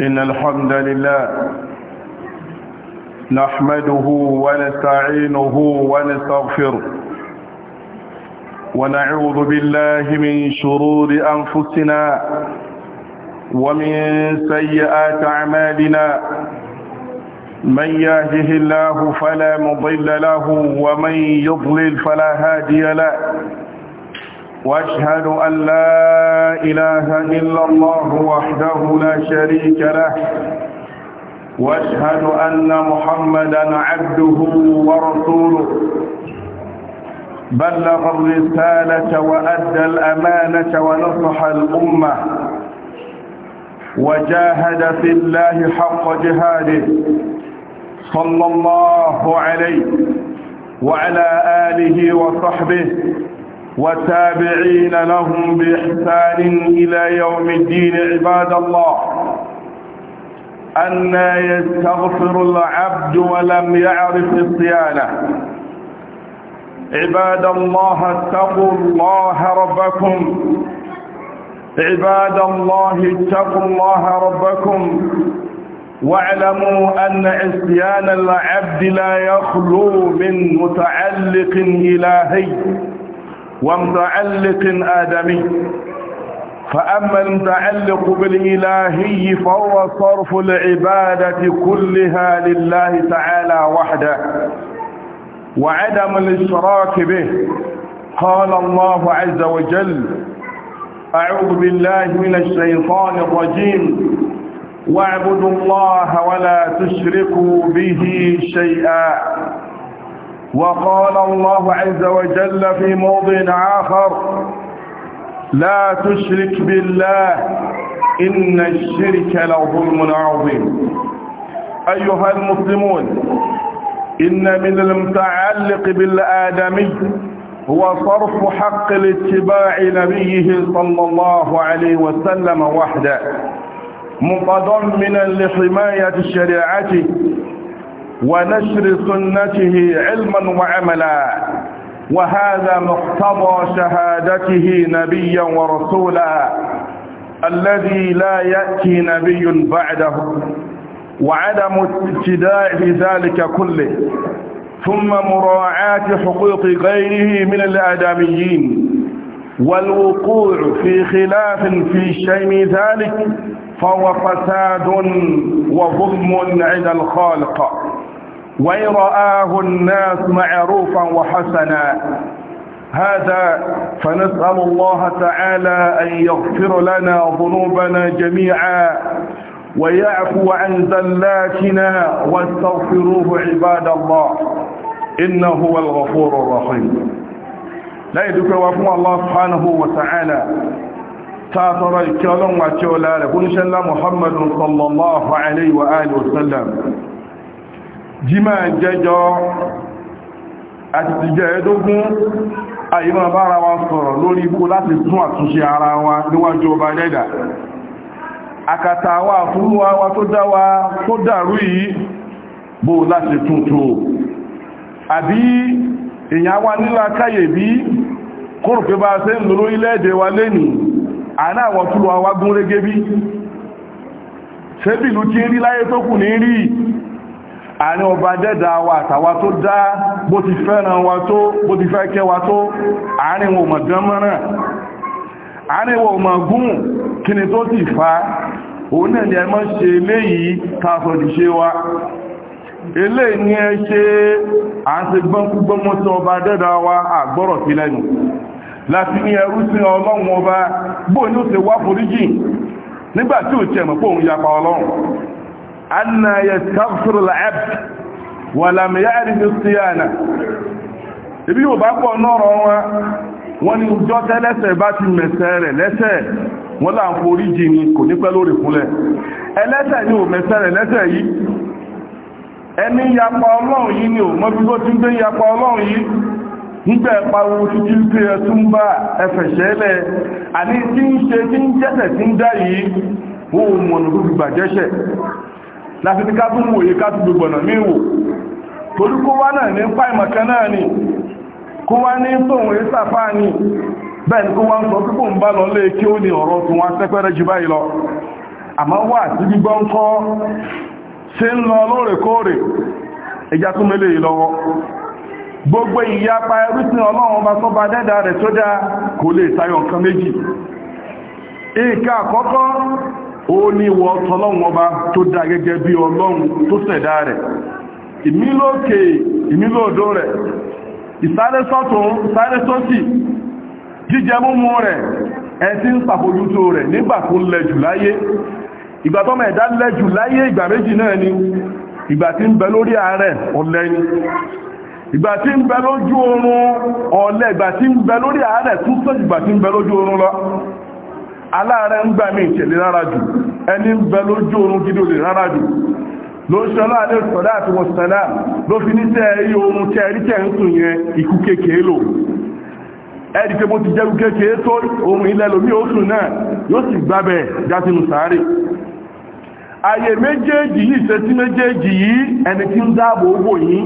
إن الحمد لله نحمده ونستعينه ونستغفره ونعوذ بالله من شرور أنفسنا ومن سيئات أعمالنا من يهده الله فلا مضل له ومن يضلل فلا هادي له واشهد ان لا اله الا الله وحده لا شريك له واشهد ان محمدا عبده ورسوله بلغ الرساله وادى الامانه ونصح الامه وجاهد في الله حق جهاده صلى الله عليه وعلى اله وصحبه والتابعين لهم بإحسان إلى يوم الدين عباد الله أن يستغفر العبد ولم يعرف الصيانة عباد الله اتقوا الله ربكم عباد الله اتقوا الله ربكم واعلموا أن عصيان العبد لا يخلو من متعلق إلهي ومتعلق آدمي فأما المتعلق بالإلهي فهو صرف العبادة كلها لله تعالى وحده وعدم الاشتراك به قال الله عز وجل أعوذ بالله من الشيطان الرجيم واعبدوا الله ولا تشركوا به شيئا وقال الله عز وجل في موضع آخر لا تشرك بالله إن الشرك لظلم عظيم أيها المسلمون إن من المتعلق بالآدمي هو صرف حق الاتباع نبيه صلى الله عليه وسلم وحده متضمنا لحماية شريعته ونشر سنته علما وعملا وهذا مقتضى شهادته نبيا ورسولا الذي لا يأتي نبي بعده وعدم ابتداء ذلك كله ثم مراعاة حقوق غيره من الآدميين والوقوع في خلاف في شيء ذلك فهو فساد وظلم عند الخالق وإن رآه الناس معروفا وحسنا هذا فنسأل الله تعالى أن يغفر لنا ذنوبنا جميعا ويعفو عن ذلاتنا واستغفروه عباد الله إنه هو الغفور الرحيم لا يدك وفو الله سبحانه وتعالى تاثر الكلام إن شاء الله محمد صلى الله عليه وآله وسلم jímá jẹjọ àti tìjẹ ẹdógún àyíma bára wa sọ̀rọ̀ lórí ikú láti tún àtúnṣe ara wa níwájú ọba dẹ́dà àkàtà wa fúnwá wa tó dá wa tó dàrú yìí bó láti tuntun àbí èyàn wa nílá káyè bí kúrò pé bá ṣe ń lóró ilẹ̀ èdè wa lẹ́nì àná àwọn túnlọ àárín ọba dẹ́dà wa àtàwà tó dá bó ti fẹ́ràn wa tó bó ti fẹ́ kẹ́ wa tó àárín wọn mọ̀ dán mọ́ràn àárín wọn mọ̀ gún kí ni tó ti fa òun náà ni ẹ mọ́ ṣe léyìí tààtọ̀ ti ṣe wa ilé ní ẹ ṣe à ń ṣe gbọ́nkúgbọ́mọ́ sí ọba dẹ́dà wa àgbọ́rọ̀ sí lẹ́nu láti ní ẹrú sí ọlọ́run ọba bóò ó ṣe wá foríjì nígbà tí ò tiẹ̀ pé òun yapa ọlọ́run أن يستغفر العبد ولم يعرف الصيانة ibi yóò bá pọ̀ wọn ni ní ìjọ bá ti mẹ̀sẹ̀ rẹ̀ lẹ́sẹ̀ wọ́n là ń forí jì ní kò ní lórí ni ò mẹ̀sẹ̀ rẹ̀ lẹ́sẹ̀ yìí ẹni yapa ọlọ́run yìí ni ò mọ́ bí ó ti ń gbé yapa ọlọ́run yìí nígbà ìpariwo títí pé bá àní tí ń ṣe tí ń láti ní ká tún wòye ká gbogbo ọ̀nà míì wò torí kó wá náà ní pa náà ni kó wá ní tóun rí sàfá ni bẹ́ẹ̀ ni kó wá ń sọ pípò ń bá lọ lé kí ó ní ọ̀rọ̀ tún wá sẹ́pẹ́rẹ́ jù báyìí lọ àmọ́ gbogbo ìyapa ẹrúsìn ọlọ́run ọba tó bá dẹ́dà rẹ̀ tó dáa kò lè tayọ nǹkan àkọ́kọ́ ó ní ìwọ tọ́lọ́run ọba tó dá gẹ́gẹ́ bí ọlọ́run tó ṣẹ̀dá rẹ̀ ìmílòkè ìmílòdó rẹ̀ ìsárésọ́tún ìsárésọ́sì jíjẹ múmú rẹ̀ ẹ̀sí pàfojútó rẹ̀ nígbà tó lẹ́jù láyé ìgbà tó mẹ́ẹ̀dá lẹ́jù láyé ìgbà méjì náà ni ìgbà tí ń bẹ lórí ìgbà tí ń bẹ lójú aláàrẹ ń gbà mí ìṣẹ̀lẹ̀ rárá jù ẹni ń bẹ lójú oorun gidi olè rárá jù ló ń ṣọlá alẹ́ ìsọ̀lá àti wọ̀sánlá ló fi níṣẹ́ ẹ̀rí oorun tẹ́ ẹ̀rí tẹ́ ń sùn yẹn ikú kékeré lò ẹ̀rí pé mo ti jẹ́ kékeré tó oorun ilẹ̀ lómi oṣù náà yóò sì gbábẹ̀ jásínú sáré àyè méjèèjì yìí ìṣẹ́sí méjèèjì yìí ẹni tí ń dáàbò owó yìí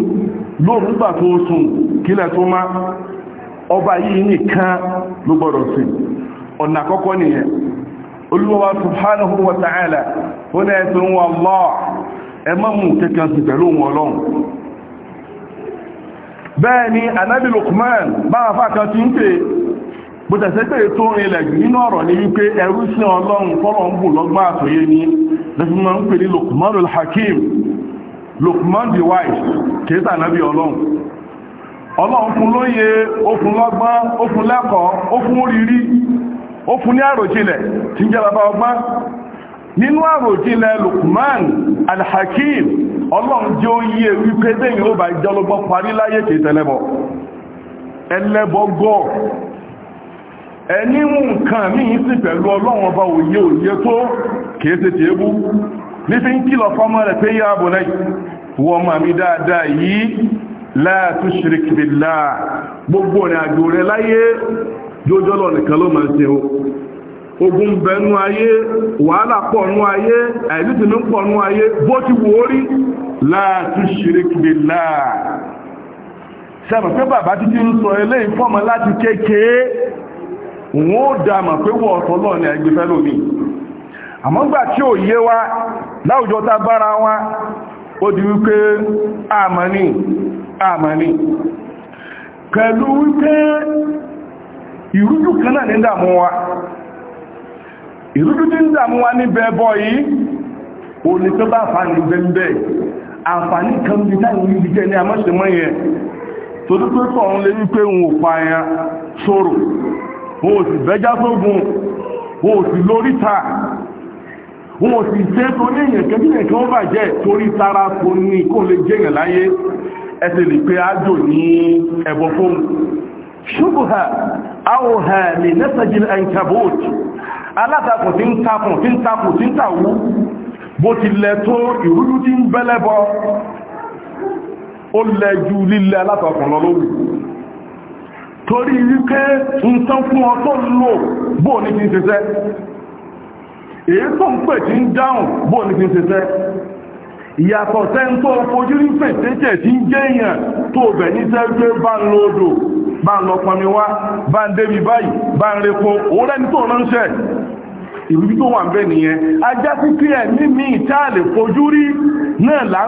lóòrùn gbà tó sùn kílẹ̀ tó má ọba yìí nìkan ló gbọ́dọ̀ sìn ọ̀nà àkọ́kọ́ nìyẹn olúwa subhanahu wa ta'ala ó ní ẹ̀sùn wọn lọ́ ẹ má mú kẹkàn sí pẹ̀lú wọn ọlọ́run bẹ́ẹ̀ ni anábì Luqman báwọn fákan ti ń pè bó tẹ̀sẹ́ pé tó ilẹ̀ jù nínú ọ̀rọ̀ ní wípé ẹrú sí ọlọ́run fọ́lọ̀ ń bù lọ́gbà àtòyé ní lẹ́fìmọ́ ń pè ní Hakim Luqman the wise kéta náàbí ọlọ́run ọlọ́run fún lóye ó fún lọ́gbọ́n ó fún lẹ́kọ̀ọ́ ó fún ó fún ní àròjìnlẹ̀ tí jẹ́ bàbá ọgbọ́n nínú àròjìnlẹ̀ Lukman al-Hakim ọlọ́run jẹ́ ó yí ewì pé bẹ́yìn ó bá jọlọgbọ́n parí láyé kìí tẹ́lẹ́bọ̀ ẹlẹ́bọ̀gọ́ ẹni nǹkan míì sí pẹ̀lú ọlọ́run ọba òye òye tó kìí ṣe ti ebú nífi ń kìlọ̀ fọ́mọ rẹ̀ pé yá àbò náà wọ́n máa mi dáadáa yìí la tushrik gbogbo rẹ̀ àjò rẹ̀ láyé jójọ́ lọ nìkan ló máa ń o ogun ayé wàhálà pọ̀ nú ayé pọ̀ nú ayé bó ti wò ó rí láàtú ṣìríkìlì láà sẹ́mọ̀ pé bàbá títí ń sọ eléyìí fọ́mọ láti kékeré wọ́n ó dámà pé wọ́n ọ̀tọ́ lọ́ọ̀ ní ẹgbẹ́fẹ́ lómi àmọ́ gbà tí ò yé wa láwùjọ tá bára wa ó wípé ìrújú kan náà ní dàmú wa ìrújú tí ń dàmú wa níbẹ̀ bọ́ yìí o ní tó bá bẹ́ẹ̀ kan bí jẹ́ ní yẹn torí lè wípé òun ò pa ẹ̀yàn sọ̀rọ̀ òun sì bẹ́já sógun òun sì lórí ta òun sì tó ní kẹ́bí ṣubùhà àwòhà lè nẹ́sàjìl ẹnkàbòt alátakùn tí ń takùn tí ń takùn tí ń tàwú bó ti lẹ tó ìrújú tí ń bẹ́lẹ́bọ ó lẹ́jú lílẹ alátakùn lọ́lọ́wù torí wípé ń tán fún ọ tó lò bó ní kí ń ṣiṣẹ́ èyí tó ń pè tí ń dáhùn bó ní kí ń ṣiṣẹ́ ìyàtọ̀ sẹ́ńtọ́ fojú ní tí ń jẹ́ tó bẹ̀ ní sẹ́gbẹ́ bá ń lo odò bá ń lọ pọnmi wá bá ń débi báyìí bá ń repo tó wà ń nìyẹn ajá sí pé ẹ̀mí mi ìtàlẹ̀ fojú rí náà là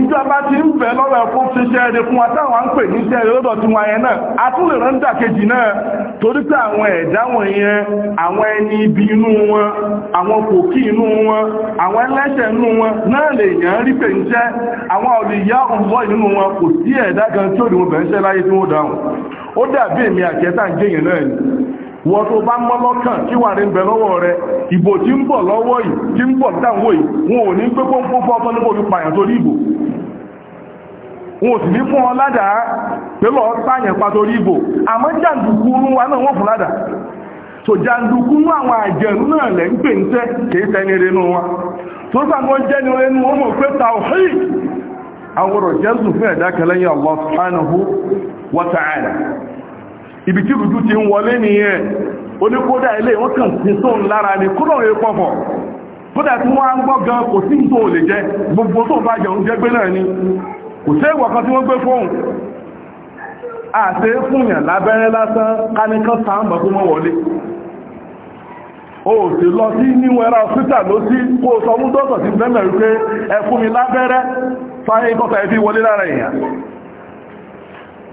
ìjọba ti ń bẹ̀ lọ́rọ̀ ẹ̀kún ti ṣe ẹ̀rẹ́ fún wa táwọn ń pè ní ṣe ẹ̀rẹ́ lọ́dọ̀ tí wọ́n yẹn náà a tún lè rán dàkejì náà torí pé àwọn ẹ̀dá wọ̀nyẹn àwọn ẹni ibi inú wọn àwọn kòkí inú wọn àwọn ẹlẹ́ṣẹ̀ inú wọn náà lè yàn rí pé ń àwọn olùyá ọ̀bọ̀ inú wọn kò sí ẹ̀dá gan tí ó bẹ̀ ń ṣẹ́ láyé tí wọ́n dáhùn ó dàbí èmi àkẹ́tà ń jẹ́yìn náà ni wọ́n tó bá mọ́ lọ́kàn kí wà ní bẹ̀ rẹ̀ ìbò tí ń bọ̀ lọ́wọ́ yìí tí ń bọ̀ dáwọ́ yìí wọn ò ní pé pọ́npọ́ fọ́tọ́ pààyàn torí ìbò wọn ò sì ní fún ọ ládàá pé lọ pààyàn pa torí ìbò àmọ́ jàǹdùkú ń wa náà wọ́n fún ládàá jàǹdùkú ń wa tó jẹ́ ni renú wọn ta jésù fún ẹ̀dá kẹlẹ́yìn Allah ibi tí rùjú ti ń wọlé nìyẹn oníkódà ilé wọ́n kàn sí sóun lára ni kúrò rẹ̀ pọ̀fọ̀ kódà tí wọ́n á ń gbọ́ gan kò sí tó lè jẹ gbogbo tó bá jẹun jẹ gbé náà ni kò sí ìwọ̀ kan tí wọ́n gbé fóun àti fúnyàn lábẹ́rẹ́ lásán kánikán sáàmà fún wọ́n wọlé o sì lọ sí níwẹ̀ra ọ̀sítà ló sí kó sọ mú dọ́tọ̀ sí bẹ́mẹ̀ wípé ẹ fún mi lábẹ́rẹ́ fáyé kọ́ta ẹ fi wọlé lára èèyàn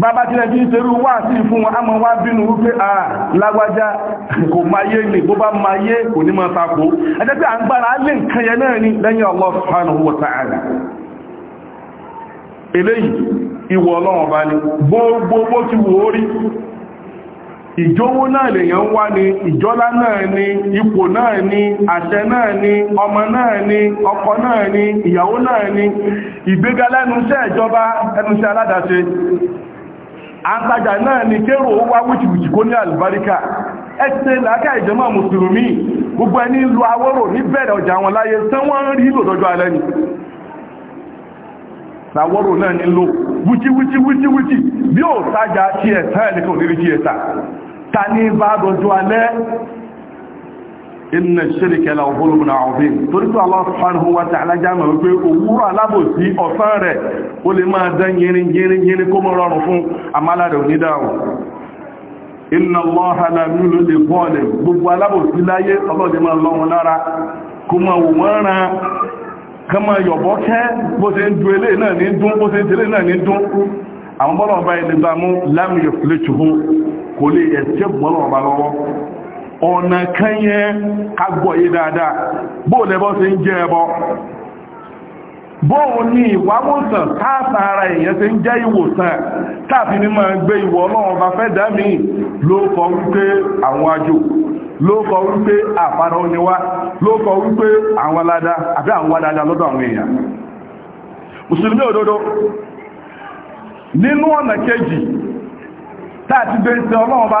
bàbá tí ẹjí ń serú wà sí fún wọn a mọ̀ wá bínú wípé à lágbájá kò máa yé ní bó bá máa yé kò ní máa tako ẹjẹ́ pé à ń gbára lè nǹkan yẹn náà ní lẹ́yìn Allah subhanahu wa ta'ala eléyìí ìwọ̀ ọlọ́run bá ní gbogbo bó ti wò ó rí ìjówó náà lèyàn ń wá ní ìjọ́lá náà ní iṣẹ́ ìjọba ẹnu iṣẹ́ aládàṣe àtajà náà ni kérò ó wá wìtìwìtì kó ní àlùbáríkà ẹ̀sẹ̀ làákà ìjọmọ̀ mùsùlùmí gbogbo ẹni lu awọ́rò ní bẹ̀rẹ̀ ọjà wọn láyé sánwọ́n ń rí lòdọ́jọ́ alẹ́ ni làwọ́rò náà ni lò wìtìwìtìwìtìwìtì bí ó tajà tí ẹ̀sán inna ṣíríkẹ́ la ọ̀bọ̀lù mìíràn ọ̀bí torí tó Allah subhanahu wa ta'ala jáàmà wípé òwúrọ̀ alábòsí ọ̀sán rẹ̀ ó lè máa dán yìnrin yìnrin yìnrin kó mọ́ rọrùn fún amálàdà onídàáwò inna Allaha la yulil zalim gbogbo alábòsí láyé ọlọ́dẹ lọ́wọ́ ọ̀nà kan yẹn kagbọ̀ yìí dáadáa bóò lẹ́bọ́ sí ń jẹ́ ẹbọ bóò ní ìwáwòsàn káàsàárà èèyàn ti ń jẹ́ ìwòsàn tàbí ní máa gbé ìwọ̀ ọlọ́run bá fẹ́ dámì ló kọ wípé àwọn àjò ló kọ wípé àfàrà ló kọ wípé àwọn aládá àbí àwọn aládá lọ́dọ̀ àwọn èèyàn mùsùlùmí òdodo nínú ọ̀nà kejì ọlọ́run bá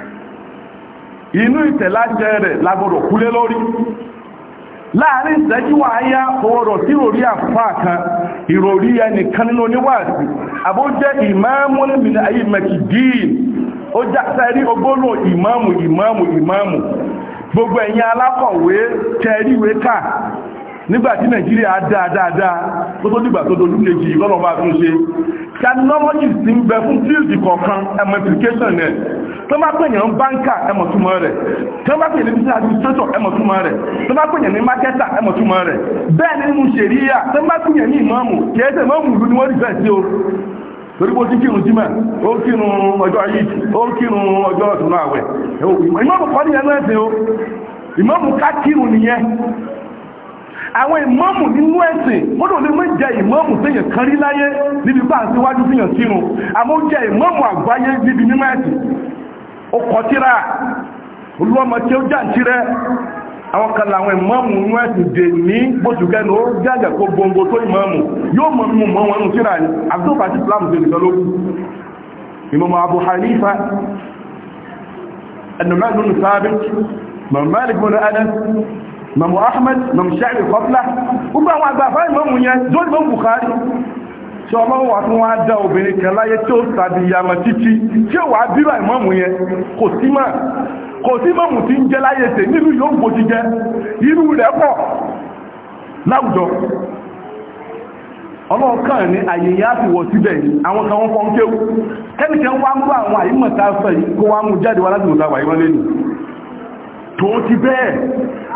inú ìtẹ̀láṣẹ rẹ̀ lagbọ́dọ̀ kúlé lórí láàrin ìṣẹ́jú àáyá ọ̀rọ̀ tí ìròrí àfá kan ìròrí ẹnìkan nínú oníwàásí àbójẹ́ ìmáàmù nínú ayé mẹ́kìdíìn ó jásẹ́rí ogónà ìmáàmù ìmáàmù ìmáàmù gbogbo ẹ̀yin alákọ̀wé tẹ́ríwé ká nígbàtí nàìjíríà dáadáa tó tó dìgbà tó dojú kejì lọ́nà bá tún ṣe terminology ti ń bẹ fún field kọ̀ọ̀kan ẹmọ implication rẹ̀ tó bá pèyàn ń báńkà ẹmọ túmọ̀ rẹ̀ tó bá pèyàn ní business administrator ẹmọ túmọ̀ rẹ̀ tó bá pèyàn ní marketer ẹmọ túmọ̀ rẹ̀ bẹ́ẹ̀ ni mo ṣe rí yà tó bá pèyàn ní ìmọ̀ọ́mù kìí ṣe mọ́ọ̀mù ìlú ni wọ́n rí bẹ́ẹ̀ sí o torí bó ti kírun jímọ̀ ó kírun ọjọ́ ayé ó kírun ọjọ́ ọ̀tún àwẹ̀ ìmọ̀ọ́mù kọ́ nìyẹn náà o ìmọ̀ọ́mù ká kírun nìyẹn àwọn ìmáàmù nínú ẹ̀sìn mọ́dọ̀ lè mọ́ jẹ ìmáàmù téèyàn kan rí láyé níbi bá àtiwájú fihàn sírun àmọ́ jẹ ìmáàmù àgbáyé níbi mímọ́ ẹ̀sìn ó kọ́ tíra olúwọ́mọ tí ó jáǹtí rẹ àwọn kan làwọn ìmáàmù inú ẹ̀sìn dè ní gbóṣùgẹ́nu ó jájà kó gbogbo tó ìmáàmù yóò mọ mímú mọ́ wọn tíra ní àbúrò àti islam tó nìkan lókù ìmọ̀mọ̀ Abu Hanifa ẹnùmọ́ ìlú nù sáábì mọ̀mọ́ ìlú mamu ahmed mamu shafi kọfla gbogbo àwọn àgbàfà ìmọ̀mù yẹn lórí mọ̀ bukari tí ọlọ́run wà fún wa dá obìnrin kan láyé tí ó tàbí yàmà títí tí ó wà bíbà ìmọ̀mù yẹn kò sí mà kò sí mọ̀mù tí ń jẹ́ láyé tè nílùú yóò gbò ti jẹ́ irú rẹ̀ pọ̀ láwùjọ ọlọ́run kàn ní àyè yẹn á fi wọ̀ síbẹ̀ àwọn kan wọ́n fọ́n kéwú kẹ́nìkan wá ń bá àwọn àyímọ̀ta fẹ̀ kó wá mú jáde wá láti mọ̀ta wà yí lé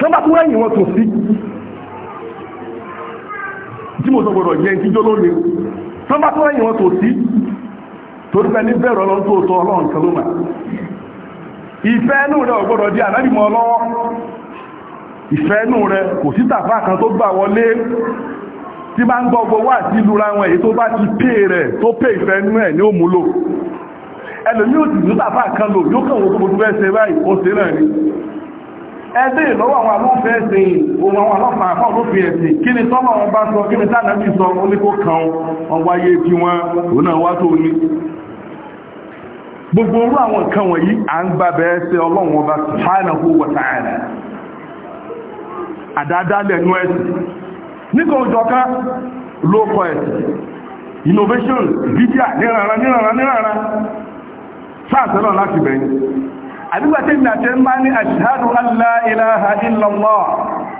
tó bá tún rẹ̀yìn wọn tó sí tí mo sọ gbọdọ̀ yẹ ìjíjó ló lè tó bá tún rẹ̀yìn wọn tó sí torí pé ní bẹ̀rẹ̀ ọlọ́run tó tọ́ ọlọ́run kan ló mà ìfẹ́ inú rẹ̀ ò gbọdọ̀ di ànábìmọ̀ lọ́wọ́ ìfẹ́ inú rẹ̀ kò sí tàfà kan tó gbà wọlé tí bá ẹlòmí ò sì kan lò yóò kàn wọ́n gbogbo fẹ́ ṣe báyìí ó ṣe náà ni ẹgbẹ́ ìlọ́wọ́ àwọn alófẹ́ ẹ̀sìn ohun àwọn alọ́pàá àpá olófin ẹ̀sìn kí ni tọ́lọ̀ wọn bá sọ kí ni tánà sọ oníkó kan wọn wáyé kí wọ́n náà ní gbogbo orú àwọn nǹkan wọ̀nyí à ń gbà bẹ́ẹ̀ ṣe ọlọ́run ọba subhanahu wa àdúgbàtí ìgbàtí ń bá ní ashhadu an la ilaha illallah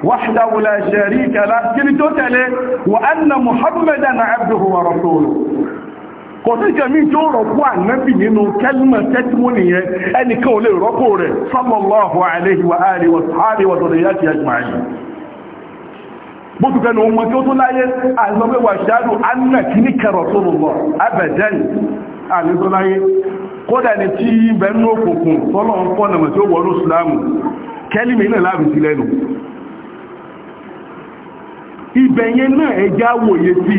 wahdahu la sharika lah kí ni tó tẹ̀lé wa anna muhammadan abduhu wa rasuluhu kò sí jẹ́mí tó rọ̀pọ̀ ànábì nínú kẹ́lìmọ̀ testimony yẹn ẹnìkan ò lè rọ́pò rẹ̀ sallallahu alaihi wa alihi wa sahbihi wa dhurriyyatihi ajma'in bótu fẹ́nu ọmọ tí ó tó láyé àìsàn pé wà ṣáàdù anna kìíní kẹrọ̀ tó rọ̀ abadan àníṣó láyé kódà ní tí bẹ̀rún òkùnkùn tọ́lọ̀ ń fọ́ nàmà tí ó wọ́n lóṣùlámù kẹ́lìmì náà láàbì sí lẹ́nu ibẹ̀yẹ náà ẹja wòye sí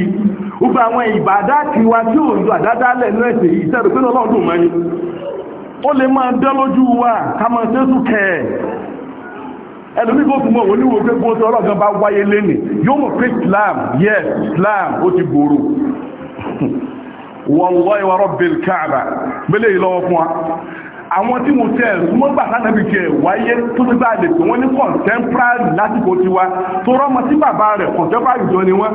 ó bá àwọn ìbàdá ti wa tí ò ń lo àdádá lẹ́nu ẹ̀sẹ̀ yìí sẹ́rù pé lọ́lọ́run dùn mọ́ni ó lè máa dán lójú wa ká máa tẹ́sù kẹ́ ẹ̀ ẹlòmí kò fún mọ́ wọn níwò pé gbóòtọ́ ọlọ́gán bá wáyé lẹ́nì yóò mọ̀ pé Islam yes Islam ó ti gbòòrò wallahi wa rabbil káàbà gbélé ìlọ́wọ́ fún wa àwọn tí mo tẹ́ ẹ̀sùnmọ́ gbà sánàbì jẹ́ wáyé tó ti bá lè pè wọ́n ní contemporary lásìkò tiwa tó rọ́mọ sí bàbá rẹ̀ contemporary jọ ni wọ́n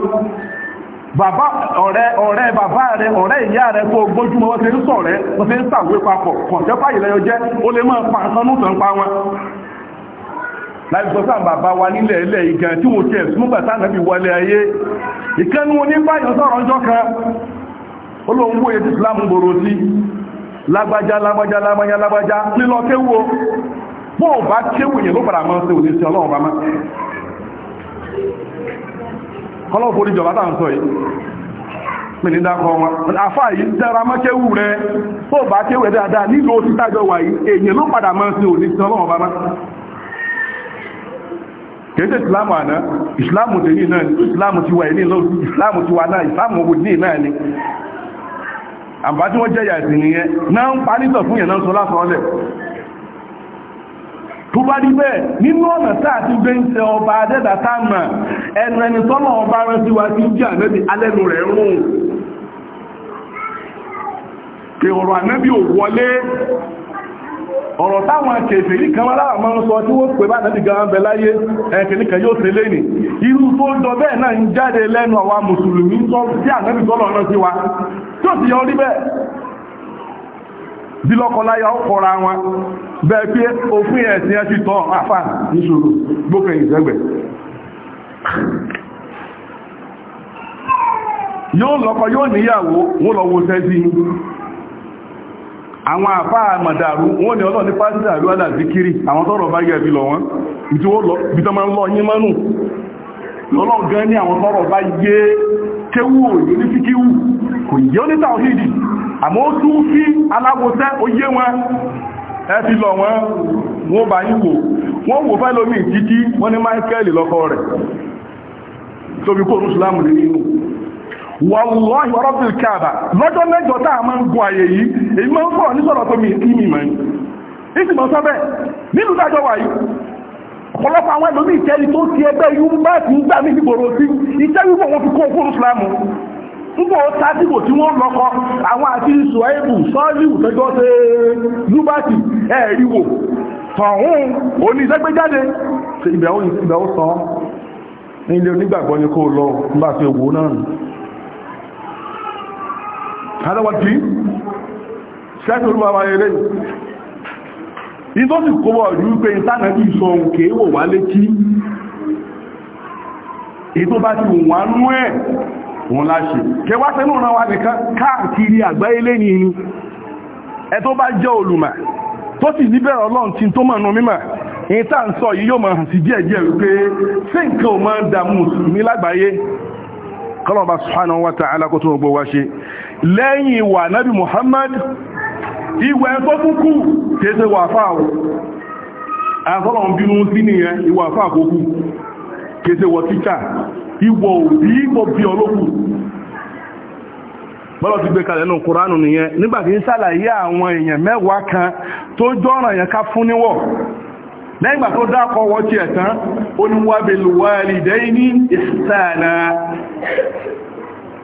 bàbá ọ̀rẹ́ ọ̀rẹ́ bàbá rẹ̀ ọ̀rẹ́ ìyá rẹ̀ tó gbójúmọ́ wọ́n ti ń sọ̀rẹ́ wọ́n ti ń sàwé papọ̀ contemporary lẹ́yọ jẹ́ ó lè máa pa àtọ́nù tàn pa wọn láti sọ sáà bàbá wa nílẹ̀ ilẹ̀ ìgàn tí mo tẹ̀ ẹ̀sùnmọ́ gbà sánàbì wọlé ayé ìkẹ́nu onígbàyàn sọ̀rọ̀ ọjọ́ kan olóhun wòye tí islam gbòrò sí lágbájá lágbájá lágbájá lágbájá lílọ kéwò bó o bá kéwò yẹn ló padà máa ń ṣe òní sí ọlọ́run bá má ọlọ́run forí jọba tá à ń sọ yìí mìíní dákọ wọn àfà yìí dára mọ́ kéwò rẹ bó o bá kéwò rẹ dáadáa nílò ó ti tájọ wà yìí èyàn ló padà máa ń ṣe òní sí ọlọ́run bá má kẹ́sẹ̀ ìsìláàmù àná ìsìláàmù tèyí náà ìsìláàmù tiwa yìí náà ìsìláàmù tiwa náà ìsìláàmù òwò ní náà ni àbá tí wọ́n jẹ́yà ẹ̀sìn nìyẹn náà ń panítọ̀ fún yẹn náà sọ lásán ọlẹ̀ tó bá dí bẹ́ẹ̀ nínú ọ̀nà táà ti gbé ń tẹ ọba adẹ́dà táàmà ẹnu ẹni tọ́nà ọba rán sí wa ti ń jẹ́ ànẹ́bì alẹ́nu rẹ̀ rún pé ọ̀rọ̀ ànẹ́bì ò wọlé ọ̀rọ̀ táwọn kèfèrí kan lára máa ń sọ tí wọ́n pè bá ànẹ́bì gan bẹ láyé ẹ̀kìní kan yóò ṣe lénì irú tó ń jọ bẹ́ẹ̀ náà ń jáde lẹ́nu àwa mùsùlùmí tí ànẹ́bì tọ́lọ̀ rán sí wa tí ó sì yọ rí bẹ́ẹ̀ bí lọ́kọláya ó kọra wọn bẹ́ẹ̀ pé òfin ẹ̀sìn ẹ̀sìn tọ́ àfà níṣòro gbókẹ̀yìn ìgbẹ́gbẹ̀ yóò lọ́kọ yóò níyàwó wọ́n lọ wo sẹ́sí àwọn àfà àmàdàrú wọ́n ni ọlọ́ni àwọn tọ́rọ bá yẹ̀ bí lọ wọ́n bí máa ń lọ yín mọ́nù lọ́lọ́ gan ní àwọn kéwú òye ní fíkíwú kò yé oníta òhìdì àmọ́ ó tún fi aláwọ̀sẹ́ oyé wọn ẹ lọ wọn wọ́n bá yín wò wọ́n wò fẹ́ lómi títí wọ́n ní Michael lọ́kọ rẹ̀ tóbi kó orúsù láàmù lè nínú wàlúwàhí ọ̀rọ̀bìl káàbà lọ́jọ́ mẹ́jọ táà máa ń gun àyè yìí èyí máa ń fọ́ ní sọ̀rọ̀ tó mi kí mi mọ̀ ní ìsìnmọ̀ sọ́bẹ̀ nílùú dájọ́ wà yìí ọ̀pọ̀lọpọ̀ àwọn ẹlòmíì tẹ́lẹ̀ tó ti ẹgbẹ́ yúmbáàtì ń gbà mí nígboro sí iṣẹ́ wíwọ̀ wọn fi kó fún ìsìlámù nígbà ó sásìkò tí wọ́n lọ́kọ àwọn àti sùwẹ́ẹ̀bù sọ́ọ́lù tẹ́jọ́ ṣe yúmbáàtì ẹ̀rí tọ̀hún òní ìṣẹ́gbẹ́jáde ìbẹ̀ tó sì kó wọ̀ rí pé ìtànà bí sọ ohun wò wá létí èyí bá ti wù wá nú ẹ̀ wọn láṣe kẹwàá tẹ́nu ọ̀nà wa nìkan káàkiri àgbáyé lẹ́ni inú ẹ tó bá jẹ́ olùmọ̀ tó sì níbẹ̀rẹ̀ ọlọ́run tí tó mọ̀ nù mímọ̀ èyí tá ń sọ yìí yóò mọ̀ hàn sí díẹ̀díẹ̀ wípé sí nǹkan ò máa ń dààmú mùsùlùmí lágbàáyé kọ́lọ̀ bá subhanahu wa ta'ala kó tó gbogbo Muhammad ìwẹ̀ tó kúkú kéèsè wà fáà o àtọ́lọ̀ ń bínú sí nìyẹn ìwà fáà kókù kéèsè wọ tíṣà ìwọ̀ òbí ipò bí olókù bọ́lọ̀ ti gbé kalẹ̀ nù kùránù nìyẹn nígbàtí ń sàlàyé àwọn èèyàn mẹ́wàá kan tó jọ́ràn yẹn ká fún níwọ̀ lẹ́yìngbà tó dákọ̀ wọ́n ti ẹ̀tán ó ní ní ìsìtànà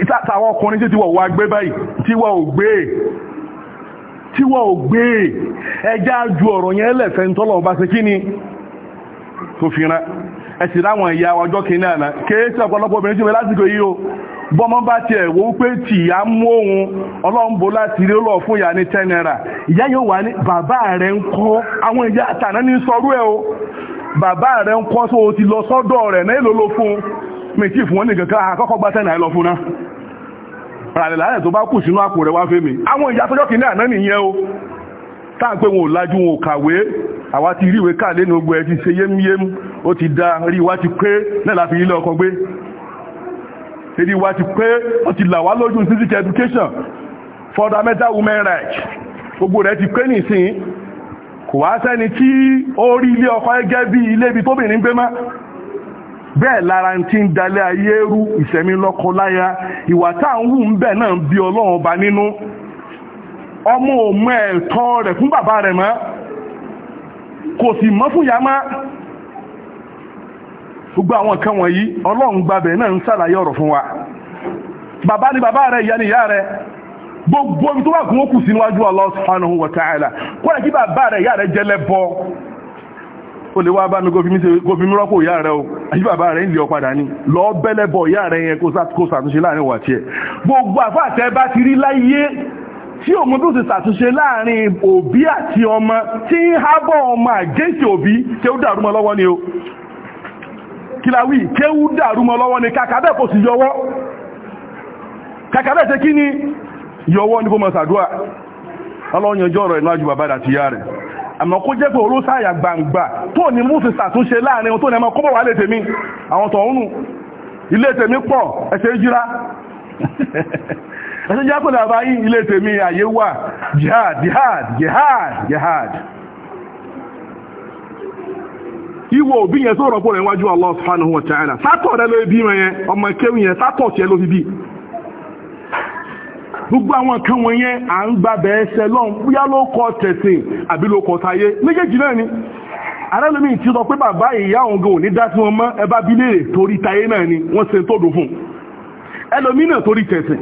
ìtàtàwọn ọkùnrin tí wọ́n wá gbé báyìí tí wọ́n ò gbé tí wọ́n ò gbé ẹjá ju ọ̀rọ̀ yẹn lẹ̀fẹ́ tọ́lọ̀ bá ṣe kí ni tó fi rán ẹ̀sì ráwọn ìyá ọjọ́ kìíní àná kéèsì ọ̀pọ̀lọpọ̀ obìnrin tí wọ́n lásìkò yìí o bọ́mọ́ bá ti ẹ̀wọ́ pé mú ohun ọlọ́m̀bó láti rí lọ fún ìyá ní naira ìyá yóò ní bàbá rẹ̀ ń kọ́ àwọn ìyá àtàná ní sọrú ẹ̀ o bàbá rẹ̀ ń kọ́ ti lọ sọ́dọ̀ rẹ̀ náà èlò mẹ́tí fún wọn nìkan káà kọ́kọ́ gbá tẹ́nà ẹlọ fún náà ràlẹ̀láyẹ̀ tó bá kù sínú àpò rẹ̀ wá fẹ́ mi àwọn ìyá tọ́jọ́ kìíní àná nìyẹn o táà pé wọn ò lajú wọn ò kàwé àwa ti ríwé káàlé ní ogun ẹ̀ ti ṣe yémúyémú ó ti da rí wá ti pé náà láfi ilé ọkọ̀ gbé rí wá ti pé ó ti là wá lójú civic education fundamental women rights gbogbo rẹ̀ ti pé nìsín kò wá sẹ́ni tí ó rí ilé ọkọ̀ gẹ́gẹ́ bí ilé ibi tóbìnrin gbé máa bẹ́ẹ̀ lára ti ń dalẹ̀ ayé rú lọ́kọ ìwà tá à ń hù ń bẹ̀ náà bí ọlọ́run ọba nínú ọmọ òmù ẹ̀tọ́ rẹ̀ fún bàbá rẹ̀ mọ́ kò sì mọ́ fún ìyá mọ́ gbogbo àwọn nǹkan wọ̀nyí ọlọ́run gbabẹ̀ náà ń ọ̀rọ̀ ni bàbá rẹ̀ ìyá ni ìyá rẹ̀ gbogbo omi tó wà kún ó kù sí níwájú ó lè wá bá mi gófin mírọ́pò ìyá o àyí bàbá rẹ̀ ń lè ọ̀padà ni lọ bẹ́lẹ́bọ̀ ìyá rẹ̀ yẹn kó ṣàtúnṣe láàrin wà gbogbo àfáàtẹ́ bá ti rí láyé tí òun tó ti ṣàtúnṣe láàrin òbí àti ọmọ tí ń hábọ̀ ọmọ àgéṣì òbí tí dàrúmọ ni o Kilawi tí dàrúmọ lọ́wọ́ ni kàkàbẹ̀ kò sì yọwọ́ ní kó ọ̀rọ̀ àti ìyá tó ní mú fi ṣàtúnṣe láàrin ohun tó ní ẹmọ kọ́bọ̀ wà lè tèmi àwọn tọ̀húnù ilé tèmi pọ̀ ẹ̀ṣẹ́ jíra ẹ̀ṣẹ́ jẹ́ kòdà bá yí ilé tèmi àyè wà jihad jihad jihad jihad ìwọ òbí yẹn tó rọ̀pọ̀ rẹ̀ wájú Allah subhanahu wa ta'ala sátọ̀ rẹ̀ ló bí yẹn ọmọ kéwì yẹn sátọ̀ tiẹ̀ ló fi bí gbogbo àwọn kan wọ̀nyẹn à ń gbàbẹ̀ ẹsẹ̀ lọ́n bóyá ló kọ tẹ̀sìn àbí ló kọ tayé méjèèjì náà ni arábìnrin ti sọ pé bàbá ìyá òun gan ò ní dá sí wọn mọ́ ẹ bá bí léèrè torí tayé náà ni wọ́n ṣe tó dùn fún ẹlòmínà torí tẹ̀sìn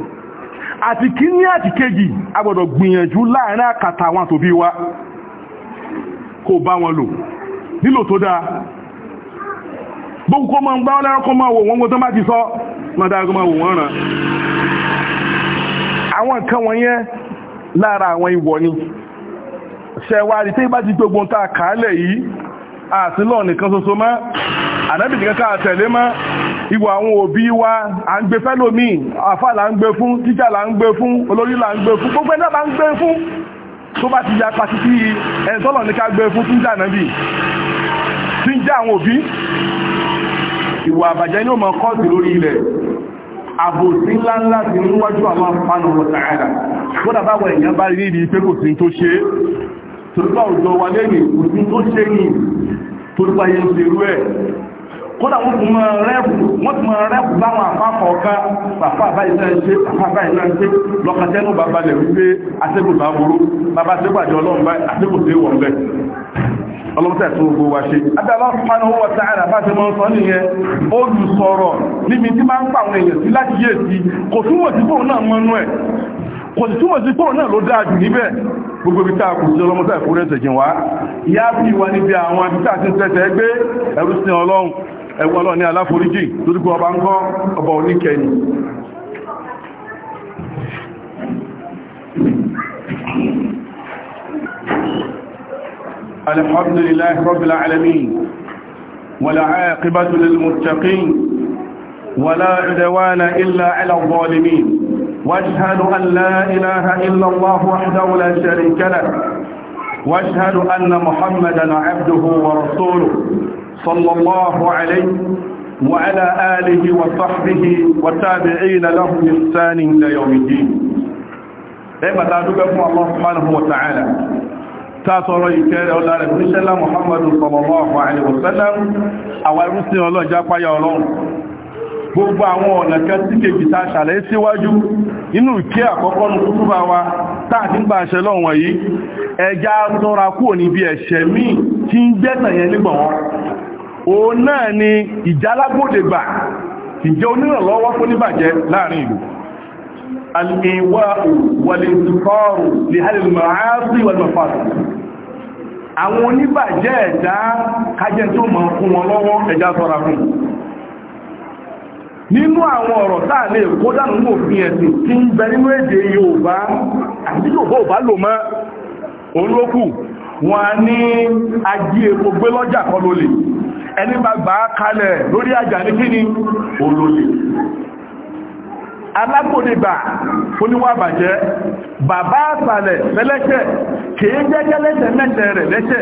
àti kíní àti kejì a gbọ́dọ̀ gbìyànjú láàrin àkàtà àwọn àtòbí wa kò bá wọn lò nílò tó dáa gbogbo ma ń gbá ọlọ́rọ̀kọ́ máa wò wọ́n gbogbo má ti sọ lára àwọn ìwọ̀ ni ṣẹ̀wà tí bá ti gbogbo ta kàálẹ̀ yìí àti lọ́ọ̀ nìkan ṣoṣo mọ́ ànábì nìkan ká tẹ̀lé mọ́ ìwà àwọn òbí wa à ń gbé fẹ́lòmí àfà là ń gbé fún tíjà là ń gbé fún olórí là ń gbé fún gbogbo ẹ̀dá là ń gbé fún tó bá ti ya pàtí sí ẹ̀ńtọ́lọ̀ ní ká gbé fún tí ń jà nábì tí ń jà àwọn òbí ìwà àbàjẹ́ ní ọmọ kọ́ọ̀tì lórí ilẹ̀ àbòsí ńláńlá ti níwájú àwọn afánà ọmọ tààdà gbọ́dà báwọn èèyàn bá rí ní ìpé kò sí tó ṣe tòlúbà òjò wa lẹ́yìn kò sí tó ṣe ní torípa yẹn ṣe rú ẹ̀ kódà wọ́n tún máa rẹ́ẹ̀bù wọ́n tún máa rẹ́ẹ̀bù láwọn àpapọ̀ ọ̀ká pàpà báyìí náà ṣe pàpà báyìí náà ṣe lọ́kàtẹ́nù bàbá lẹ̀ wípé bá burú bàbá tẹ́gbàjọ ọlọ́run bá sọ kò sì náà ló dáadù níbẹ̀ gbogbo ibi táa kù sí ọlọ́mọ́ta ìfúrẹ́ ẹ̀sẹ̀jìn wá ìyá bí wa níbi àwọn ibi táa ti gbé ẹ̀rú sí ọlọ́run ẹ̀wọ́ ọlọ́run ní aláforíjì lórúkọ ọba ń kọ́ ọba oníkẹyìn الحمد لله رب العالمين والعاقبة للمتقين ولا عدوان إلا على الظالمين واشهد أن لا إله إلا الله وحده لا شريك له واشهد أن محمدا عبده ورسوله صلى الله عليه وعلى آله وصحبه وتابعين لهم إحسان إلى يوم الدين ẹgbà ta dúpẹ́ fún Allah subhanahu wa ta'ala ta sọ̀rọ̀ ìkẹrẹ ọlá rẹ̀ fún ìṣẹ́lá Muhammadu sallallahu alaihi wasallam àwọn irúsìn ọlọ́jà páyà ọlọ́run gbogbo àwọn ọ̀nà kan tí kejì ta ṣàlẹ̀ síwájú inú kí àkọ́kọ́ ní kútúbà wa táàtí ń bá ṣẹ lọ́wọ́ yìí ẹja tọ́ra kúrò níbi ẹ̀ṣẹ̀ míì tí ń gbẹ́tàn yẹn nígbọ̀n òun náà ni ìjálágbòdègbà ìjẹ́ onírànlọ́wọ́ fún níbàjẹ́ láàrin ìlú àwọn oníbàjẹ́ ẹ̀dá kájẹ́ tó mọ̀ fún wọn lọ́wọ́ ẹja tọ́ra fún nínú àwọn ọ̀rọ̀ táà lè kó dánù ní òfin ẹ̀sìn tí ń bẹ nínú èdè Yorùbá àti Yorùbá ò bá lò mọ́ olókù wọn ní ají epo gbé lọ́jà kọ́ lólè ẹni bá gbà á kalẹ̀ lórí àjà ní kíni olólè alágbòdìgbà oníwàbàjẹ́ bàbá àsàlẹ̀ lẹ́lẹ́ṣẹ̀ kìí jẹ́gẹ́lẹ́ṣẹ̀ mẹ́tẹ̀ rẹ̀ lẹ́ṣẹ̀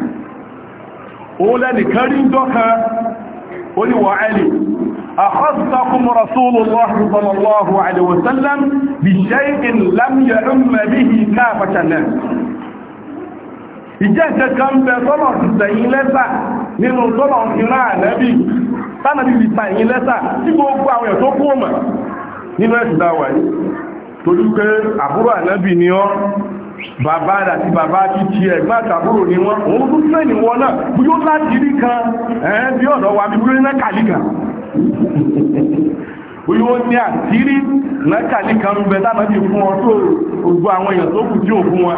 òun lẹ́nìkan rí jọ́ka oníwà ẹ̀lì أخذكم رسول الله صلى الله عليه وسلم بشيء لم يعم به كافة الناس ìjẹ́ẹ̀kẹ́ kan bẹ tọ́lọ̀ ti tẹ̀yìn lẹ́sà nínú tọ́lọ̀ ìran ànẹ́bì tánàbí ti tẹ̀yìn lẹ́sà tí gbogbo àwọn ẹ̀ bàbá rẹ̀ àti bàbá títí ẹ̀ gbàtàbúrò ni wọ́n òun tún fẹ́ ní wọn náà bí ó láti rí kan ẹ̀ẹ́ bí ọ̀dọ̀ wa bí wúrí náà kàlí kan bí ó ní àtírí náà kàlí kan bẹ tánàbí fún ọ tó gbogbo àwọn èèyàn tó kù tí ò fún wọn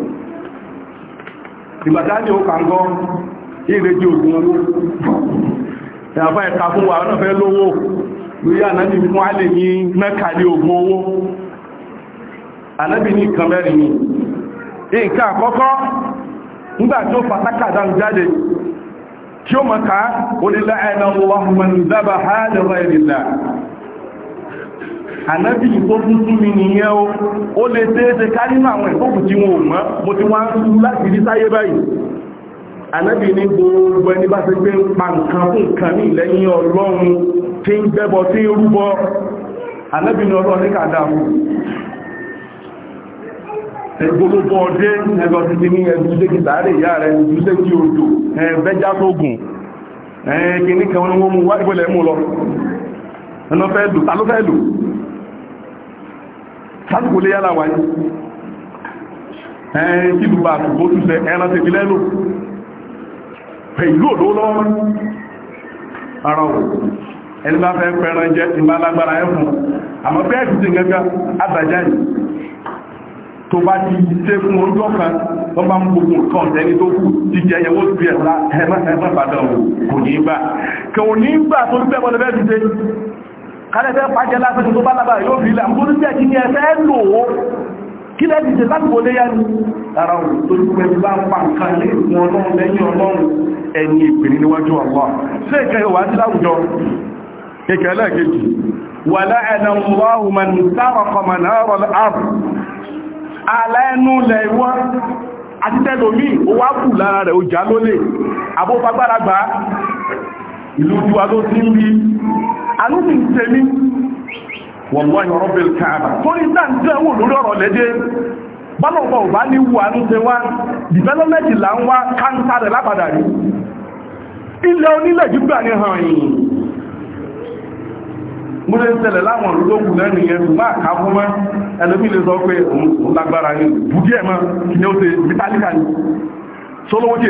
ìgbàtà ní òkà ń gọ́ ìrèjì ògùn owó ìyàfá ẹ̀ka fún wa ọ̀nà fẹ́ lówó lórí ànábì fún alè ní mẹ́ka ní ògùn owó ànábì ní nǹkan mẹ́rin ni nǹkan àkọ́kọ́ nígbà ó pàtàkì àdáhùn jáde tí ó mọ̀ ká onílẹ̀ ẹ̀nà ànábì tó tún tún mi nìyẹn o ó lè ṣeéṣe ká nínú àwọn ìkókù tí wọn ò mọ̀ mo ti wá ń sú láti rí sáyé báyìí ànábì ní gbogbo ẹni bá ṣe pé ń pa nǹkan fún nǹkan ní ìlẹ́yìn ọlọ́run tí ń gbẹ́bọ tí ń rúbọ ànábì ní ọlọ́run ní kàdáàmù ẹgbogbo ọdẹ ẹgbọ́ títí ní ẹgbùsẹ́ kí ìyá rẹ̀ ẹgbùsẹ́ kí odò ẹgbẹ́já tó ẹgbẹ́ ní kẹwọn wọ́n mú wá ìbọ̀lẹ̀ mú lọ ẹnà fẹ́ lò tàló fẹ́ sásìkò lé yálà wáyé ẹ̀yìn kí lùbà àtùgbò tún sẹ ẹran tèmi lẹ́nu pẹ̀lú òdó lọ́wọ́ ara ò ẹni bá fẹ́ pẹ̀ran jẹ́ ìmá lágbára ẹ fún àmọ́ bẹ́ẹ̀ ti gẹ́gẹ́ àbàjá yìí tó bá ti ṣe fún ọjọ́ kan wọ́n bá ń gbogbo nǹkan ẹni tó kù ti jẹ ẹyẹwó sí ẹ̀rọ ẹ̀mọ́ ìbàdàn kò ní gbà kò ní gbà tó ń bẹ́ẹ̀ kálẹ́fẹ́ pàjẹ́ lásán tó bá lábà yóò fi ilẹ̀ àmúgbóní tí ẹ̀kí ní ẹ̀fẹ́ lò ó kí lẹ́ ti ṣe láti kò lé yáni ara òun tó ní pẹ̀lú bá ń pa nǹkan lé wọn ọlọ́run lẹ́yìn ọlọ́run ẹni ìpìnrin níwájú àwọn ṣé ìkẹ́ ìwà sí láwùjọ ìkẹ́ lẹ́ẹ̀kejì ó wá kù lára rẹ̀ ó já lólè àbófagbáragbá ìlú tiwa ló ń bí àlóbi ń tẹ̀mí wallahi rabbil káàbà torí dáńtẹ́ wò lórí ọ̀rọ̀ lẹ́dẹ́ bọ́lọ̀pọ̀ ò bá ní wù àánúṣe wá development là ń wá káńtà rẹ̀ lápadà rí ilẹ̀ onílẹ̀ gbígbà ní hàn yìí mo lè tẹ̀lẹ̀ láwọn olùdó kù lẹ́nu yẹn ṣùgbọ́n àkáfún mọ́ ẹlòmí lè sọ pé òun lágbára ní bùdí ẹ̀mọ́ kí ni ó ṣe vitalika ní sólówó tí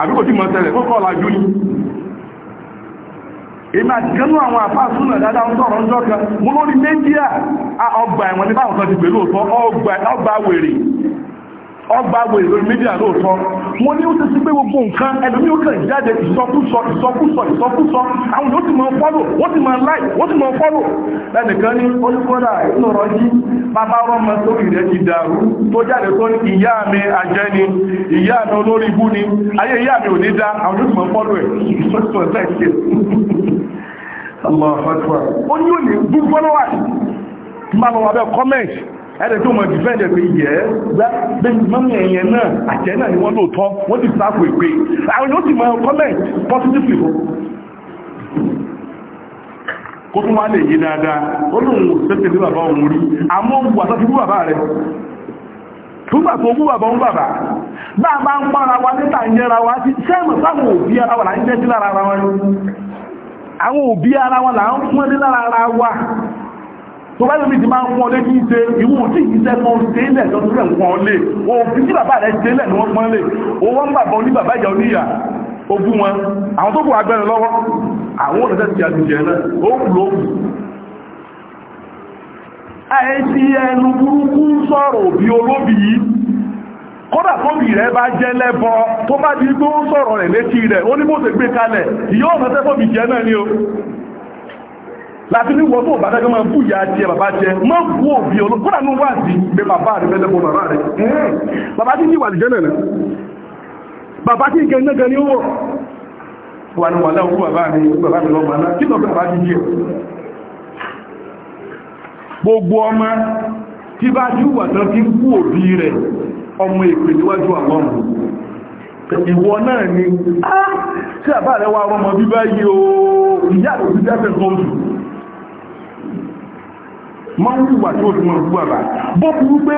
àbí kò tí mọ̀ tẹ́lẹ̀ kókọ́ ọ̀làjú ni èmà gánú àwọn àfáàsúnà dáadáa ń sọ̀rọ̀ ọjọ́ kan mú lórí méjì à ọgbà ẹ̀wọ̀n ní báwọn kan ti pẹ̀lú òtọ́ ọgbà wèrè ọgbà àwọn èrò mídíà lóòtọ́ wọ́n ní ó ti sí pé gbogbo nǹkan ẹlòmí ó kàn jáde ìsọkúsọ ìsọkúsọ ìsọkúsọ àwọn yóò ti máa fọ́lò wọ́n ti máa láì wọ́n ti máa fọ́lò ẹnìkan ní olùkọ́dà inú rọjí bàbá rọmọ sórí rẹ̀ ti dàrú tó jáde tó ní ìyá mi àjẹ́ ni ìyá mi olórí ibú ni ayé ìyá mi ò ní dá àwọn yóò ti máa fọ́lò ẹ̀ ìsọkúsọ ìsọkúsọ ìsọkúsọ ìsọkúsọ ìsọkúsọ ẹ̀rẹ̀ tó mọ̀ dìfẹ́ndẹ̀ pé yẹ́ mọ́mí ẹ̀yẹn náà náà ni wọ́n tọ́ wọ́n ti sáàpù ìpé àwọn yóò ti mọ̀ positively kó tún wá lè yí dáadáa ó bàbá òun rí àmọ́ wà bàbá rẹ̀ tó bàbá bàbá bá a bá ń wa níta ń yẹra wa sí sẹ́mù sáwọn òbí ara wa jẹ́ sí lára wa àwọn òbí ara wa lára wa tó bá lómi ti máa ń pọ́n lé kí n ṣe ìwọ̀n tí ìṣẹ́ kan ṣe lẹ̀ lọ sílẹ̀ wọ́n lè òfin tí bàbá rẹ̀ ṣe lẹ̀ ni wọ́n pọ́n lè owó ń bàbá oní bàbá ìyá oníyà ogún wọn àwọn tó kù agbẹ́rin lọ́wọ́ àwọn òṣìṣẹ́ ti àtìjẹ náà ó kù ló àìsí ẹnu burúkú sọ̀rọ̀ òbí olóbi yìí kódà tóbi rẹ̀ bá jẹ́ lẹ́bọ tó bá di tó sọ̀rọ̀ rẹ̀ létí rẹ̀ ó ní bó ṣe gbé kalẹ̀ ìyá ọ̀sẹ̀ tẹ́kọ̀bì jẹ́ náà ni o láti ní wọ́n tó bá dájọ́ máa bú ìyá jẹ bàbá jẹ má bú òbí olókùnrin àánú wà sí pé bàbá rẹ̀ fẹ́lẹ́ fún bàbá rẹ̀ hmm. bàbá tí ní ìwà àlìjẹ́ nànà bàbá tí ìgẹ̀ náà ni ó wọ̀ wà ní wàlá òkú bàbá mi bàbá mi lọ́gbà náà kí lọ́gbà bàbá jíjẹ gbogbo ọmọ tí bá jú wà tán kí kú òbí rẹ̀ ọmọ ìpè níwájú àwọn ọmọ ìwọ náà ni tí ah, àbá rẹ̀ wá ọmọ bíbá yìí o ìyá àti òbí jẹ́ fẹ́ máa ń wùwà tí ó fi mọ̀ wùwà bá bó burú pé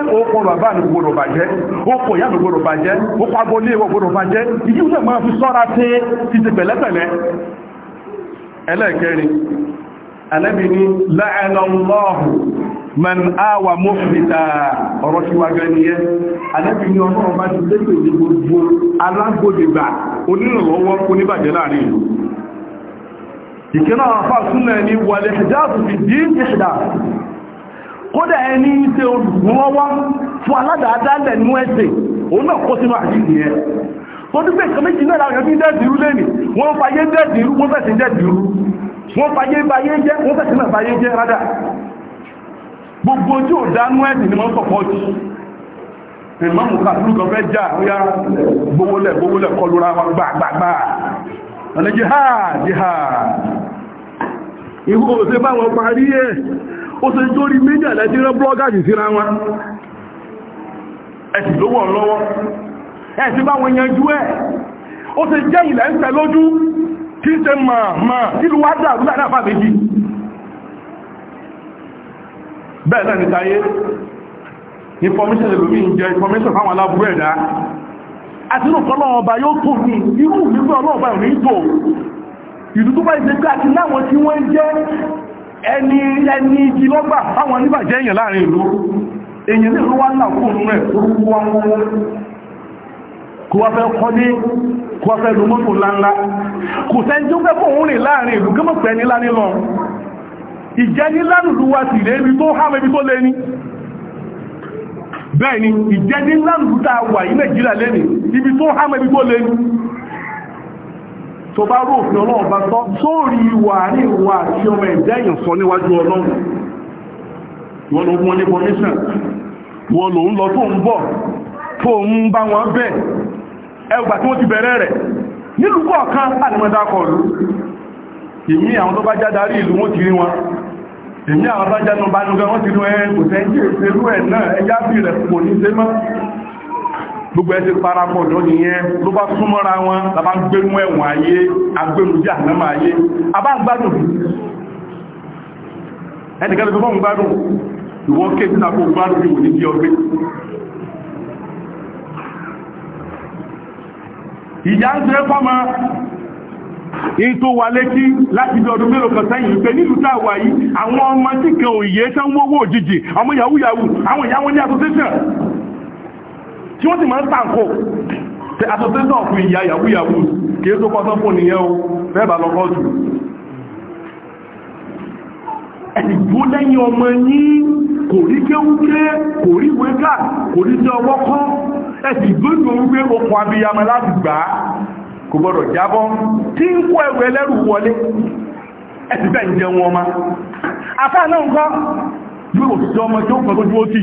bàbá ní gbọdọ̀ o ọkọ̀ ìyá ní gbọdọ̀ bàjẹ́ ọkọ̀ agbolé ìdí máa fi sọ́ra tí ti ti pẹ̀lẹ́pẹ̀lẹ́ man ọ̀rọ̀ tí nìyẹn ti ní gbogbo alágbòdìgbà oníbàjẹ́ láàrin ìlú kódà ẹni ṣe olùrànlọ́wọ́ fún aládàádálẹ̀ nínú ẹ̀sìn òun náà kó sínú àdíjì yẹn tó ní pé kàméjì náà làwọn ẹbí dẹ́ẹ̀dìrú lẹ́nì wọ́n fàyé dẹ́ẹ̀dìrú wọ́n fẹ̀sì dẹ́ẹ̀dìrú wọ́n fàyé bayé jẹ́ wọ́n fẹ̀sì náà bayé jẹ́ rádà gbogbo ojú òdánú ẹ̀sìn ni wọ́n sọ̀pọ̀ jù ìmọ̀mù kàtúrú kan fẹ́ jà óyá gbówólẹ̀ gbówólẹ̀ kọlura wa gbàgbàgbà ọ̀nà jihad jihad ìwò òṣèbáwọn parí ẹ̀ ó ṣe jórí mídíà lẹ́tí rán blọ́gájì síra wọn ẹ̀sì lówó lọ́wọ́ ẹ̀sì bá wọn yanjú ẹ̀ ó ṣe jẹ́ ilẹ̀ ń tẹ lójú kí ṣe máa máa kílù wá dà rúdà náà fàbíjì bẹ́ẹ̀ náà nìtayé information lómi ń jẹ information fáwọn aláburú ẹ̀dá àti inú kọlọ́wọ́ ọba yóò tó ní irú ìlú ọlọ́ọ̀bá ìrìn tó ìlú tó bá ìṣẹ́gbẹ́ àti láwọn tí wọ́n jẹ́ ẹni ẹni igi lọ́gbà táwọn oníbàjẹ́ èèyàn láàrin ìlú èèyàn ní ìlú wá ń làkún rẹ̀ orúkú wá wọ́n kò wá fẹ́ kọ́ ní kò wá fẹ́ lu mọ́tò ńláńlá kò sẹ́ni tó fẹ́ fóun rìn láàrin ìlú gẹ́mọ̀ pẹ́ ní láni lọ ìjẹ́ ní lánùlú wa sì ni ìjẹ́ ní lánùlú tá a wà yí Nàìjíríà lé ní ibi tó bá rófin ọlọ́run bá tọ́ sórí ìwà ní ìwà àti ọmọ ẹ̀dá èèyàn sọ níwájú ọlọ́run wọ́n ló fún wọn ní commission wọ́n ló ń lọ tó ń bọ̀ tó ń bá wọn bẹ̀ ẹgbà tí wọ́n ti bẹ̀rẹ̀ rẹ̀ nílùú kọ̀ọ̀kan àdìmọ́dákọ̀ọ̀lú èmi àwọn tó bá já darí ìlú wọ́n ti rí wọn èmi àwọn bá já nọbanúgá wọ́n ti rí wọn ẹ̀ gbogbo ẹ ti parapọ̀ lónìí yẹn ló bá súnmọ́ra wọn lábá ń gbénú ẹ̀wọ̀n ayé agbénújẹ́ ànámà ayé abá gbádùn ẹnìkan tó fọ́n gbádùn ìwọ́n kéjì tàbí gbádùn ìwò ní bí ọgbé ìjà ń tẹ́ fọ́mọ́ ètò wà létí láti bí ọdún mélòó kan sẹ́yìn pé nílùú tàwà yìí àwọn ọmọ tí kan òye tán wówó òjijì ọmọ yahoo yahoo àwọn ìyàwó ní association tí wọ́n sì máa ń tàǹkò tẹ asọ̀tẹ́sọ̀ fún ìyá yahoo yahoo kìí tó pọ́sọ́ fún nìyẹn o fẹ́bà lọ kọ́jù ẹ̀dìgbó lẹ́yìn ọmọ yín kò rí kéwúké kò rí wékà kò rí sí ọwọ́ kọ́ ẹ̀dìgbó ìgbòrúgbé okùn abiyamọ láti gbà á kò gbọ́dọ̀ jábọ́ tí ń kó ẹ̀wẹ̀ lẹ́rù wọlé ẹ̀dìgbẹ̀ ń jẹun ọmọ afẹ́ náà ń kọ́ yóò sí ọmọ tó kọ́ tó dúó sí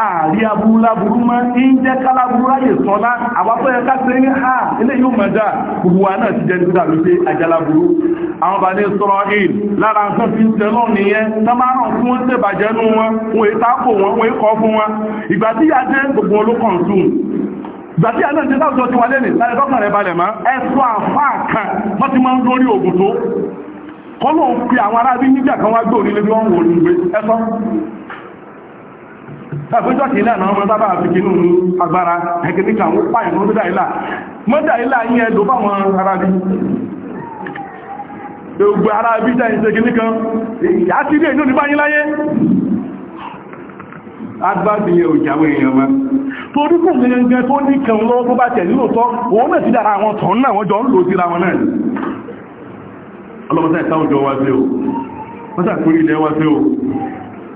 ààrí aburú láburú mọ́ ń jẹ́ káláburú ráyè sọ́lá àwápọ̀ ẹ̀ káṣẹ́ ní ha ilé yóò mọ̀ dáa gbogbo wa náà ti jẹ́ nígbà ló ṣe àjáláburú àwọn bá ní sọ́rọ̀ ìl lára nǹkan fi ń tẹ́lọ̀ nìyẹn tọ́máràn fún wọn tẹ́ bàjẹ́ nú wọn wọn èé tápò wọn wọn èé kọ́ fún wọn ìgbà tí yà jẹ́ gbogbo olókàn tún ìgbà tí àná ìjẹ́ láwùjọ ti wà lẹ́nì láti tọ́kàn rẹ̀ balẹ̀ mọ́ ẹ̀sùn àfáà kan wọ́n ti máa ń lórí ògùn tó kọ́lọ̀ ń pe àwọn arábí nígbà kan wá gbé òní lé bí wò ní gbé ẹ̀sọ́ àpéjọ́ kìí náà wọ́n sábà fi kí nínú agbára ẹgbẹ̀míkà wọ́n pààyàn ní mọ́dà ilá mọ́dà ilá yí ẹ̀dù báwọn ará bí gbogbo ará bí jẹ́ ìṣẹ́gì nìkan àti ilé inú nígbáyí láyé agbábìyàn òjàwó èèyàn ma torí kò ní ẹgbẹ́ tó ní kẹun lọ́wọ́ tó bá tẹ̀ nínú tọ́ òun náà ti dára àwọn tọ̀ún náà wọ́n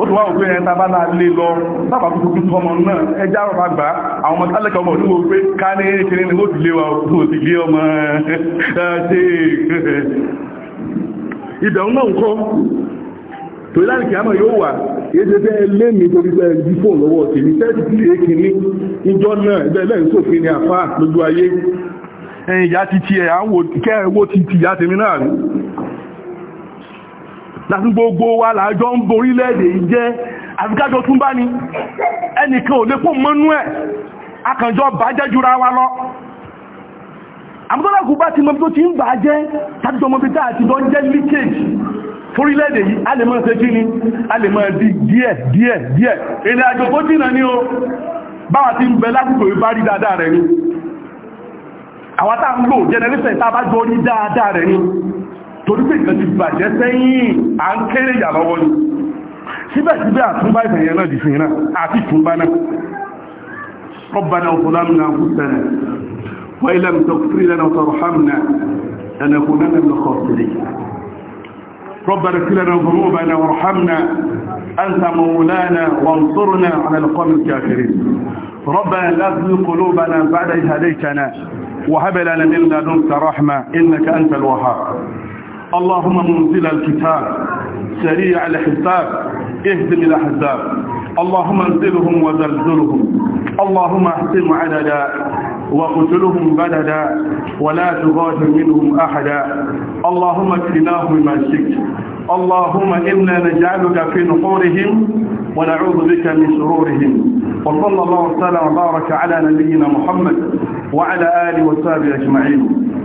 ó ti wá òpé ẹni tàbá náà lè lọ sábà tuntun tó ọmọ náà ẹjá ọ̀rọ̀ àgbà àwọn ọmọ tálẹ̀kẹ́ ọmọ olúwo pé ká ní kiri ni ó lé wa ó lé ọmọ ṣe ìbẹ̀rún náà kọ́ torí láti kí yóò wà yéṣe fẹ́ lẹ́mí torí fẹ́ di fóònù lọ́wọ́ tèmi tẹ́ẹ̀tì tí lè kí ní ìjọ náà ẹgbẹ́ lẹ́yìn sófin ni àfáà lójú ayé ẹ̀yìn ìyá ti ti ẹ̀ àwọn kẹ́ẹ̀wó ti ti ìyá tèmi náà láti gbogbo wa làájọ́ ń borílẹ̀-èdè jẹ́ àfikájọ tún bá ní ẹnìkan ò lè pò mọ́nú ẹ̀ akànjọ bá jẹ́ jura wa lọ àmúgbọ́lágún bá ti mọ́ tó ti ń bà jẹ́ tàbíjọ mọ́ pítà àti jọ jẹ́ líkèjì fórílẹ̀-èdè yìí a lè mọ́ ṣe kí ni a lè mọ́ di díẹ̀ díẹ̀ díẹ̀ ilẹ̀ àjò tó dínà ní o báwa ti ń bẹ lágbùgbò ìbá rí dáadáa rẹ̀ ni àwátà ń gbò jẹ́nẹrẹ́sẹ̀ tàbájọ́ ní dáadáa rẹ̀ ni torí pé ti bàjẹ́ sẹ́yìn à ń kéré ìyà lọ́wọ́ ni síbẹ̀síbẹ̀ àtúnbá náà náà àti náà ربنا وظلمنا أنفسنا وإن لم تغفر لنا وترحمنا من الخاسرين ربنا لنا وارحمنا أنت مولانا وانصرنا على القوم الكافرين ربنا لا تزغ قلوبنا بعد إذ هديتنا وهب لنا من لدنك رحمة إنك أنت الوهاب اللهم منزل الكتاب سريع الحساب اهدم الأحزاب اللهم انزلهم وزلزلهم اللهم احسن عددا وقتلهم بددا ولا تغادر منهم أحدا اللهم اكفناهم بما شئت اللهم إنا نجعلك في نحورهم ونعوذ بك من شرورهم وصلى الله وسلم وبارك على نبينا محمد وعلى آله وصحبه أجمعين